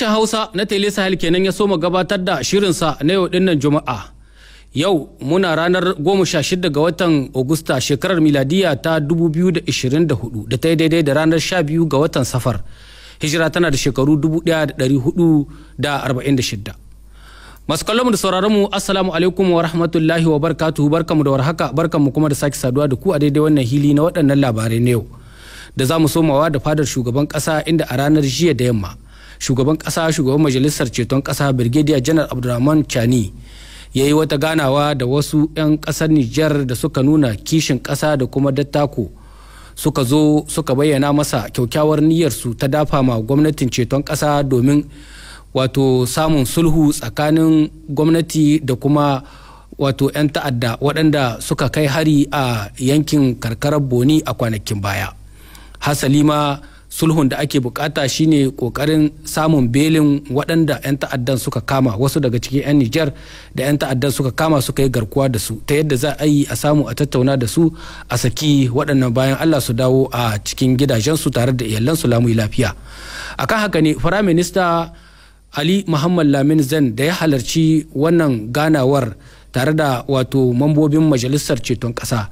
Sashen Hausa na Tele Sahel kenan ya soma gabatar da shirinsa na yau dinnan Juma'a. Yau muna ranar 16 ga watan Agusta shekarar miladiya ta 2024 da ta yi daidai da ranar 12 ga watan Safar. Hijira tana da shekaru 1446. Masu kallonmu da sauraron mu Assalamu alaikum wa rahmatullahi wa barkatuhu mu da warhaka mu kuma da sake saduwa da ku a daidai wannan hili na waɗannan labarai na yau. Da za mu somawa da fadar shugaban ƙasa inda a ranar jiya da yamma. shugaban kasa shugaban majalisar ceton kasa birgediya janar abdurrahman chani ya yi wata ganawa da wasu 'yan kasar nijar da suka nuna kishin kasa da kuma dattako suka zo suka bayyana masa kyaukyawar niyyarsu ta dafa ma gwamnatin ceton kasa domin wato samun sulhu tsakanin gwamnati da kuma wato 'yan ta'adda waɗanda suka kai hari a yankin karkarar boni a kwanakin baya hasali ma sulhun da ake bukata shine kokarin samun belin waɗanda 'yan ta'addan suka kama wasu daga cikin 'yan nijar da 'yan ta'addan suka kama suka yi garkuwa da su ta yadda za a yi a samu a tattauna da su a saki waɗannan bayan allah su dawo a cikin gidajensu tare da iyalansu lamu lafiya akan haka ne firaminista ali muhammad lamin zan da ya halarci wannan ganawar tare da wato mambobin majalisar ceton kasa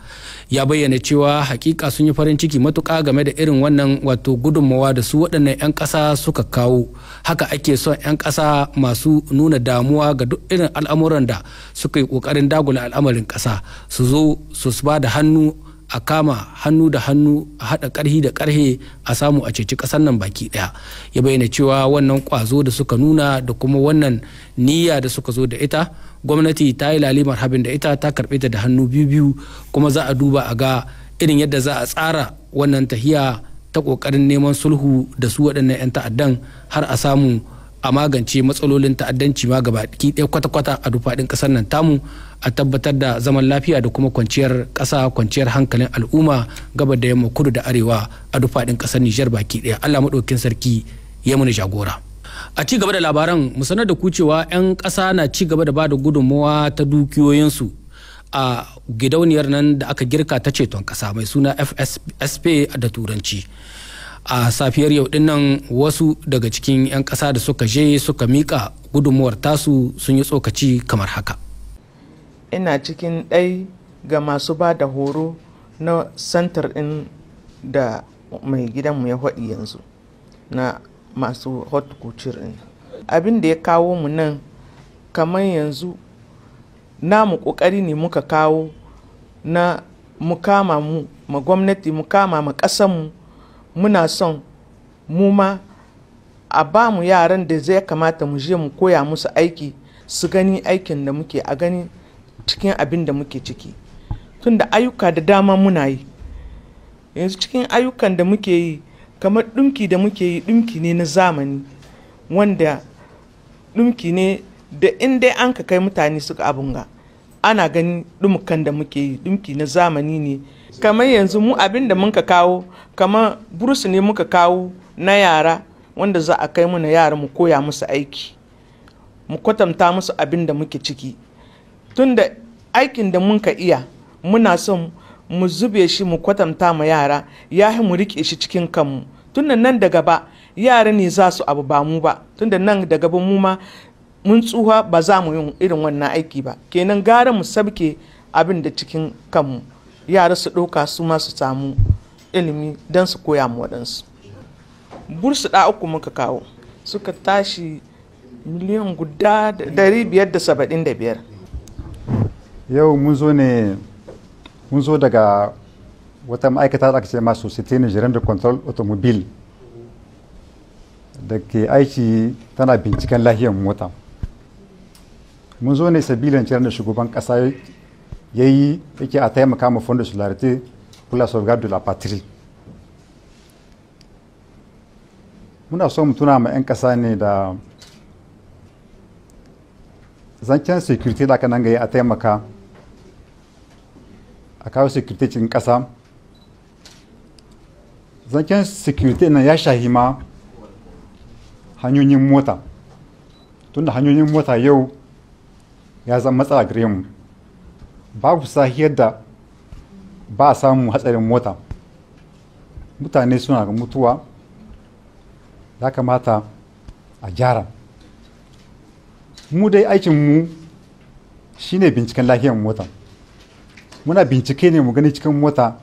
ya bayyana cewa hakika sun yi farin ciki matuka game da irin wannan wato gudunmawa da su waɗannan 'yan ƙasa suka kawo haka ake son 'yan ƙasa masu nuna damuwa ga duk irin al'amuran da suka yi ƙoƙarin dagula al'amarin ƙasa su zo su ba da hannu a kama hannu da hannu a haɗa ƙarhi da ƙarhe a samu a ceci ƙasar nan baki ɗaya ya bayyana cewa wannan ƙwazo da suka nuna da kuma wannan niyya da suka zo da ita gwamnati ta yi lalimar habin da ita ta karɓe ta da hannu biyu biyu kuma za a duba a ga irin yadda za a tsara wannan tahiya ta ƙoƙarin neman sulhu da su waɗannan 'yan ta'addan har a samu a magance matsalolin ta'addanci ma gaba ɗaya kwata-kwata a dufaɗin ƙasar nan tamu a tabbatar da zaman lafiya da kuma kwanciyar ƙasa kwanciyar hankalin al'umma gaba da yamma kudu da arewa a dufaɗin ƙasar nijar baki ɗaya allah maɗaukin sarki ya muni jagora. a ci gaba da labaran mu sanar da kucewa 'yan ƙasa na ci gaba da ba da ta dukiyoyinsu a gidauniyar nan da aka girka ta ceton ƙasa mai suna fsp da turanci a safiyar yau dinnan wasu daga cikin 'yan ƙasa da suka je suka mika gudunmuwar tasu sun yi tsokaci kamar haka ina cikin ɗai ga masu ba da horo na santar ɗin da mai gidanmu ya haɗi yanzu na masu hot culture ɗin abin da ya kawo mu nan kamar yanzu namu ƙoƙari ne muka kawo na mukama mu ma gwamnati mukama ma ƙasanmu muna son mu ma a ba mu yaran da zai kamata mu je mu koya musu aiki su gani aikin da muke a gani cikin abin da muke ciki tunda ayyuka da dama muna yi yanzu cikin ayyukan da muke yi kamar ɗumki da muke yi ɗumki ne na zamani wanda ɗumki ne da in dai an ka kai mutane suka abun ga ana gani ɗumukan da muke yi ɗumki na zamani ne kamar yanzu mu abin da muka kawo kamar burusu ne muka kawo na yara wanda za a kai mana yara mu koya musu aiki mu kwatanta musu abin da muke ciki tunda aikin da muka iya muna son mu zube shi mu kwatanta ma yara ya mu rike shi cikin kanmu tunda nan da gaba yara ne za su abu ba mu ba tunda nan da gaba mu ma mun tsuha ba za mu yi irin wannan aiki ba kenan gara mu sabke abin da cikin kanmu yara su ɗauka su ma su samu ilimi don su koya mu waɗansu bursu ɗa uku muka kawo suka tashi miliyan guda 575 yau mun zo ne mun zo daga wata ma'aikata da aka ce masu city jiran da control automobile da ke aiki tana binciken lahiyar mota mun zo ne sabilin jiran da shugaban kasa ya yi yake a taimaka ma fondo solidarity plus of la patrie muna so mu tuna ma 'yan kasa ne da zancen security da aka nan ga a taimaka a kawo security cikin ƙasa zaken security na ya shahi ma hanyoyin mota tunda hanyoyin mota yau ya zama matsala gare mu ba babu sahiyar da ba a samu hatsarin mota mutane suna ga mutuwa ya kamata a gyara mu dai aikin aikinmu shine binciken lafiyar mota muna bincike ne mu gani cikin mota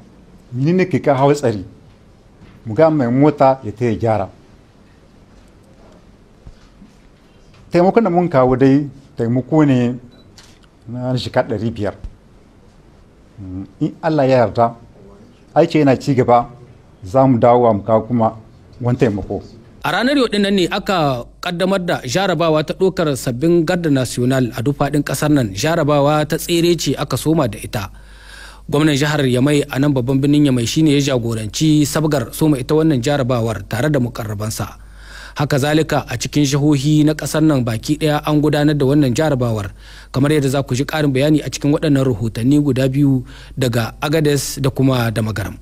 ni ne ke kawo tsari mu ga mai mota ya ta gyara taimakon da mun kawo dai taimako ne na shika ɗari biyar in allah ya yarda aiki yana ci gaba za mu dawo mu kawo kuma wani taimako a ranar yau nan ne aka kaddamar da jarabawa ta ɗaukar sabbin garda national a dufaɗin ƙasar nan jarabawa ta tsere ce aka soma da ita gwamnan jihar yamai a nan babban birnin yamai shine ya jagoranci sabgar soma ita wannan jarabawar tare da mukarrabansa haka zalika a cikin jihohi na kasar nan baki daya an gudanar da wannan jarabawar kamar yadda za ku ji karin bayani a cikin waɗannan rahotanni guda biyu daga agades da kuma da magaram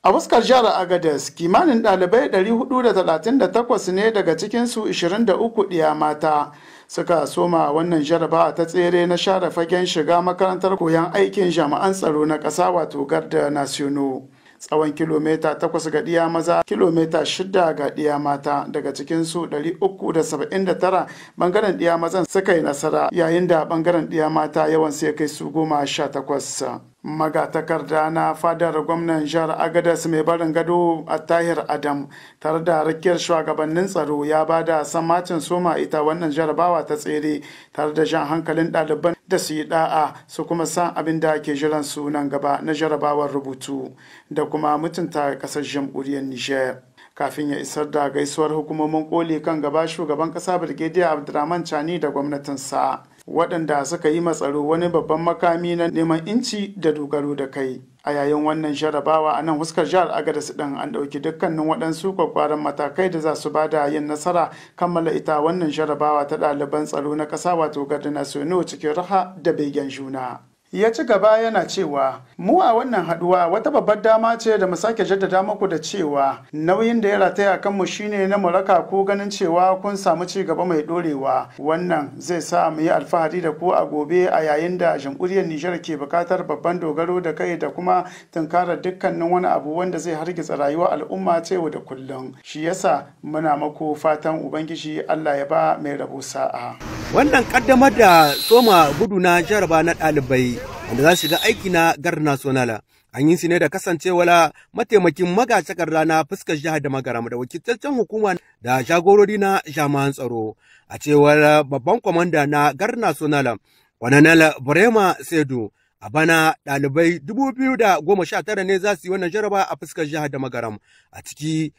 a fuskar jihar agades kimanin ɗalibai 438 ne daga cikinsu 23 ɗiya mata suka soma wannan jarabawa ta tsere na share fagen shiga makarantar koyon aikin jami'an tsaro na ƙasa wato garda nasiono tsawon kilomita 8 ga ɗiya maza kilomita 6 ga ɗiya mata daga cikin su 379 bangaren ɗiya mazan suka yi nasara yayin da bangaren ɗiya mata yawan sai kai su goma sha takwas magatakarda na fadar gwamnan jihar agadas mai barin gado a tahir adam tare da rikiyar shugabannin tsaro ya ba da samacin soma ita wannan jarabawa ta tsere tare da jan hankalin ɗaliban da su yi ɗa'a su kuma san abin da ke jiran su nan gaba na jarabawar rubutu da kuma mutunta ƙasar jamhuriyar niger kafin ya isar da gaisuwar hukumomin koli kan gaba shugaban ƙasa birgediya abdurrahman chani da gwamnatinsa waɗanda suka yi matsaro wani babban makami na neman inci da dogaro da kai a yayin wannan jarabawa a nan huskar jihar agadas ɗin an ɗauki dukkanin waɗansu kwakwaran matakai da za su ba da yin nasara kammala ita wannan jarabawa ta ɗaliban tsaro na ƙasa wato gardana sono cikin raha da begen juna. ya ci gaba yana cewa mu a wannan haduwa wata babbar dama ce da mu sake jaddada muku da cewa nauyin da ya rataya kanmu shine na muraka ko ganin cewa kun samu ci gaba mai dorewa wannan zai sa mu yi alfahari da ku a gobe a yayin da jamhuriyar Nijar ke bukatar babban dogaro da kai da kuma tunkara dukkanin wani abu wanda zai hargitsa rayuwar al'umma ta da kullum shi yasa muna muku fatan ubangiji Allah ya ba mai rabo sa'a wannan kaddamar da soma gudu na jaraba na ɗalibai wanda za su shiga aiki na gar nasionala an yi ne da kasancewar mataimakin magatakarda rana fuskar jihar da magaram da wakiltaccen hukuma da jagorori na jami'an tsaro a cewar babban kwamanda na gar nasionala kwananala brema sedu a bana ɗalibai dubu biyu da goma sha ne za su yi wannan jaraba a fuskar jihar da magaram a ciki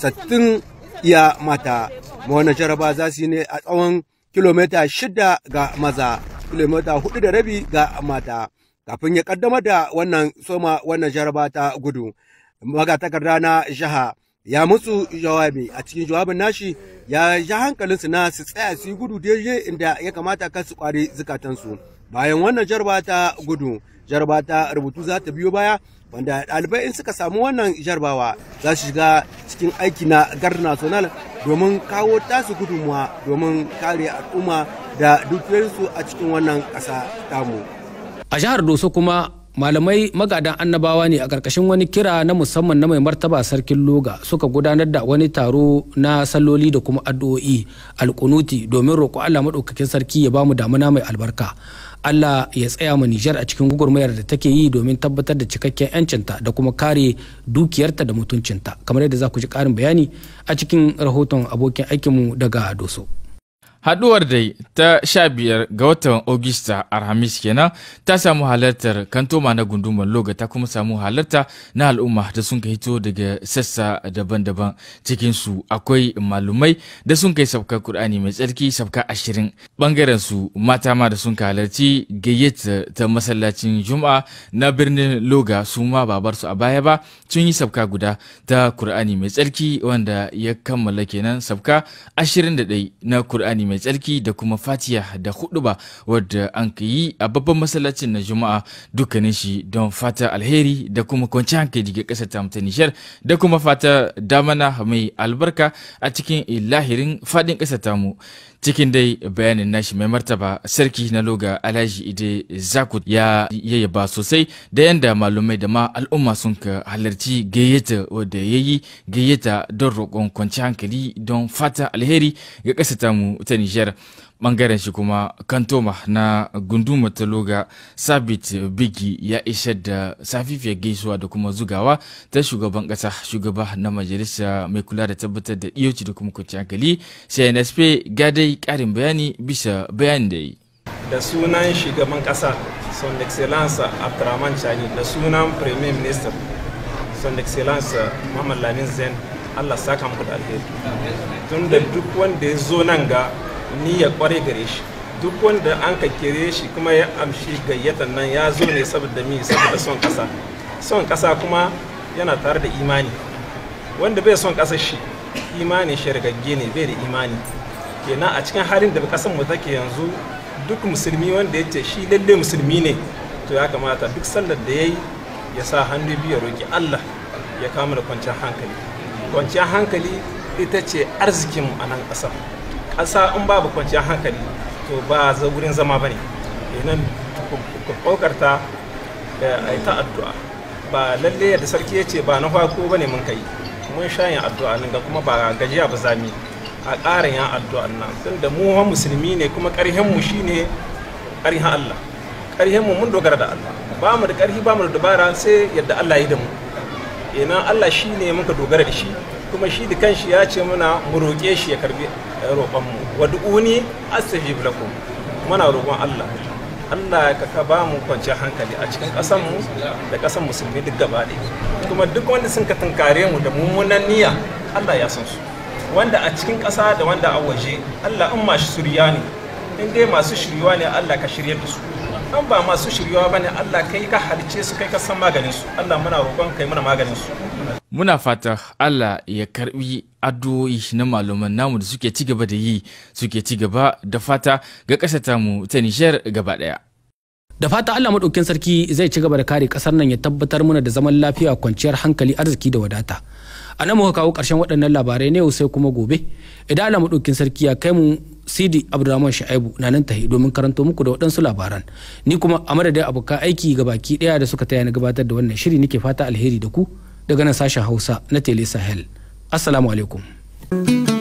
sattin iya mata wannan jaraba za su yi ne a tsawon kilomita shida ga maza, kilomita hudu da rabi ga mata. Kafin ya kaddamar da wannan soma wannan jaraba ta gudu, magatakarda na jiha ya musu jawabi a cikin jawabin nashi ya ja su na su tsaya su yi gudu daidai inda ya kamata kan su kwari zukatansu. Bayan wannan jaraba ta gudu, jaraba ta rubutu za ta biyo baya wanda ɗalibai in suka samu wannan jarbawa za su shiga cikin aiki na gar national domin kawo tasu gudunmuwa domin kare al'umma da dukiyarsu a cikin wannan ƙasa tamu a jihar doso kuma malamai magadan annabawa ne a ƙarƙashin wani kira na musamman na mai martaba sarkin loga suka gudanar da wani taro na saloli da kuma addu'o'i alkunuti domin roƙo allah maɗaukakin sarki ya bamu damuna mai albarka Allah ya tsaya ma Nijar a cikin gugurmayar da take yi domin tabbatar da cikakken yancinta da kuma kare dukiyarta da mutuncinta kamar yadda za ku ji ƙarin bayani a cikin rahoton abokin aikinmu daga Doso. haduwar dai ta sha biyar ga watan Ogista Alhamis kenan ta samu halartar kantoma na gundumar Loga ta kuma samu halarta na al'umma da sun kai hito daga sassa daban-daban cikin su akwai malumai da sun kai sabka Kur'ani mai tsarki sabka ashirin bangaren su mata ma da sun halarci gayyata ta masallacin Juma'a na birnin Loga su ma babar su a baya ba sun yi sabka guda ta Kur'ani mai tsarki wanda ya kammala kenan sabka dai na Kur'ani mai tsarki da kuma fatiya da huduba wadda an yi a babban masallacin na juma'a dukkanin shi don fata alheri da kuma kwanci hankali ga kasa ta nishar da kuma fata damana mai albarka a cikin lahirin faɗin ƙasar tamu cikin dai bayanin nashi mai martaba sarki na loga alhaji ide zakut ya yayyaba sosai da yanda malumai da ma al'umma sun ka halarci gayyata wadda ya yi gayyata don roƙon kwanci hankali don fata alheri ga ƙasa tamu ta nijar bangaren shi kuma kantoma na gunduma ta loga sabit bigi ya isa da safifiyar gaisuwa da kuma zugawa ta shugaban kasa shugaba na majalisa mai kula da tabbatar da iyoci da kuma kwanciyar hankali cnsp gadai karin bayani bisa bayan da yi da sunan shugaban kasa son excellence abdurrahman chani da sunan premier minister son excellence muhammad lamin zain allah saka muku da alheri tun da duk wanda ya zo nan ga Ni ya kware gare shi duk wanda an ka kere shi kuma ya amshi gayyatar nan ya zo ne saboda mi saboda son kasa son kasa kuma yana tare da imani wanda bai son kasar shi imani shi rigagge ne bai da imani kenan a cikin halin da kasan mu take yanzu duk musulmi wanda ya ce shi lalle musulmi ne to ya kamata duk sallar da ya yi ya sa hannu biyu ya Allah ya kama da kwanciyar hankali kwanciyar hankali ita ce arzikinmu a nan ƙasar sa in babu kwanciyar hankali to ba wurin zama ba ne eh, nan kokarta a yi ta addu'a ba lalle da sarki ya ce ba na hako ba ne mun kai mun sha yin addu'a nan ga kuma ba gajiya ba zami a ƙarin yan addu'a nan tun da mu musulmi ne kuma ƙarhenmu shine ƙarhen Allah ƙarhenmu mun dogara da Allah ba mu da ƙarhi ba mu da dabara sai yadda Allah ya da mu ina eh, Allah shine muka dogara da shi kuma shi da kanshi ya ce muna mu roƙe shi ya karbi roƙon mu wa du'uni astajib lakum muna roƙon Allah Allah ka ka ba mu kwanciyar hankali a cikin ƙasar mu da ƙasar musulmi duk gaba kuma duk wanda sun ka tunkare mu da mummunan niyya Allah ya san su wanda a cikin ƙasa da wanda a waje Allah in masu shirya ne in dai masu shiryuwa ne Allah ka shirya da su an ba masu shiryuwa ne Allah kai ka halice su kai ka san maganin su Allah muna roƙon kai muna maganin su Muna fata Allah ya karbi addu'o'i na malaman namu da suke ci gaba da yi suke ci gaba da fata ga ƙasata mu ta Nijar gaba daya. da fata Allah maɗaukin sarki zai ci gaba da kare ƙasar nan ya tabbatar mana da zaman lafiya kwanciyar hankali arziki da wadata a nan muka kawo ƙarshen waɗannan labarai ne sai kuma gobe idan Allah maɗaukin sarki ya kai mu sidi abdulrahman sha'ibu na nan tahi domin karanto muku da waɗansu labaran ni kuma a madadin abokan aiki ga baki ɗaya da suka taya na gabatar da wannan shiri nake fata alheri da ku daga nan sashen hausa na tele sahel assalamu alaikum